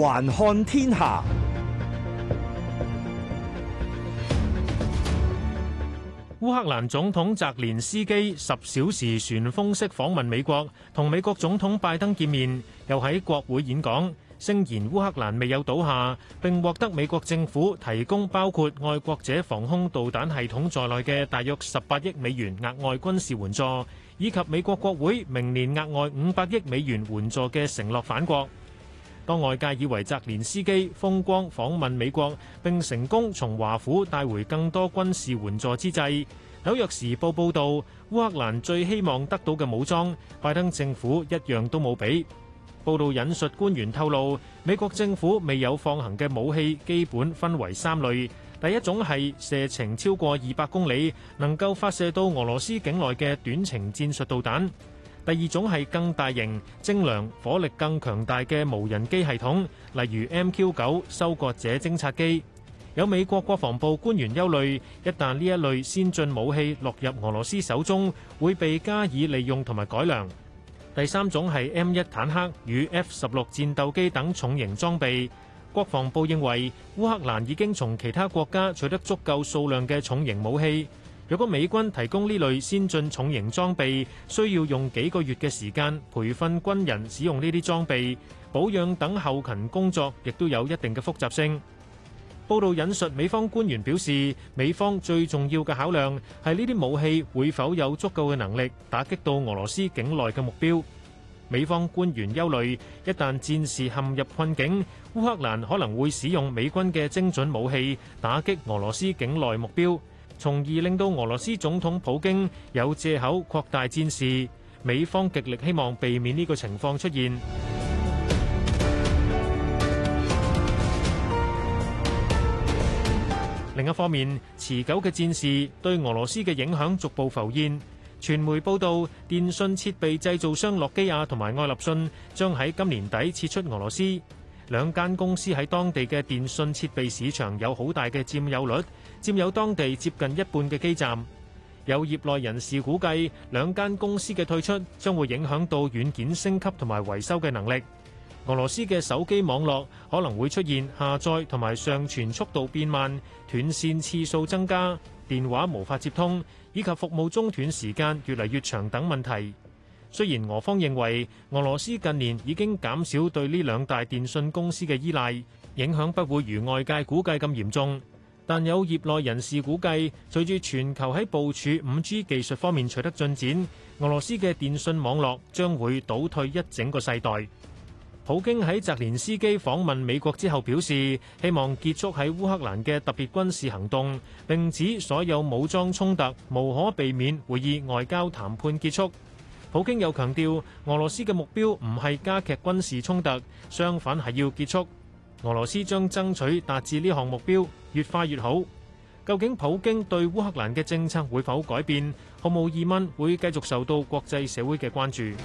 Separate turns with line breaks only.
環看天下。烏克蘭總統澤連斯基十小時旋風式訪問美國，同美國總統拜登見面，又喺國會演講，聲言烏克蘭未有倒下，並獲得美國政府提供包括愛國者防空導彈系統在內嘅大約十八億美元額外軍事援助，以及美國國會明年額外五百億美元援助嘅承諾返國。當外界以為澤連斯基風光訪問美國並成功從華府帶回更多軍事援助之際，《紐約時報》報導，烏克蘭最希望得到嘅武裝，拜登政府一樣都冇畀。報導引述官員透露，美國政府未有放行嘅武器，基本分為三類。第一種係射程超過二百公里，能夠發射到俄羅斯境內嘅短程戰術導彈。第二種係更大型、精良、火力更強大嘅無人機系統，例如 MQ 九收割者偵察機。有美國國防部官員憂慮，一旦呢一類先進武器落入俄羅斯手中，會被加以利用同埋改良。第三種係 M 一坦克與 F 十六戰鬥機等重型裝備。國防部認為，烏克蘭已經從其他國家取得足夠數量嘅重型武器。如果美軍提供呢類先進重型裝備，需要用幾個月嘅時間培訓軍人使用呢啲裝備、保養等後勤工作，亦都有一定嘅複雜性。報道引述美方官員表示，美方最重要嘅考量係呢啲武器會否有足夠嘅能力打擊到俄羅斯境內嘅目標。美方官員憂慮，一旦戰事陷入困境，烏克蘭可能會使用美軍嘅精準武器打擊俄羅斯境內目標。從而令到俄羅斯總統普京有借口擴大戰事，美方極力希望避免呢個情況出現。另一方面，持久嘅戰事對俄羅斯嘅影響逐步浮現。傳媒報道，電訊設備製造商諾基亞同埋愛立信將喺今年底撤出俄羅斯。兩間公司喺當地嘅電訊設備市場有好大嘅佔有率。佔有當地接近一半嘅基站，有業內人士估計，兩間公司嘅退出將會影響到軟件升級同埋維修嘅能力。俄羅斯嘅手機網絡可能會出現下載同埋上傳速度變慢、斷線次數增加、電話無法接通，以及服務中斷時間越嚟越長等問題。雖然俄方認為俄羅斯近年已經減少對呢兩大電訊公司嘅依賴，影響不會如外界估計咁嚴重。但有業內人士估計，隨住全球喺部署五 G 技術方面取得進展，俄羅斯嘅電訊網絡將會倒退一整個世代。普京喺澤連斯基訪問美國之後表示，希望結束喺烏克蘭嘅特別軍事行動，並指所有武裝衝突無可避免，會以外交談判結束。普京又強調，俄羅斯嘅目標唔係加劇軍事衝突，相反係要結束。俄羅斯將爭取達至呢項目標。越快越好。究竟普京對烏克蘭嘅政策會否改變，毫無疑問會繼續受到國際社會嘅關注。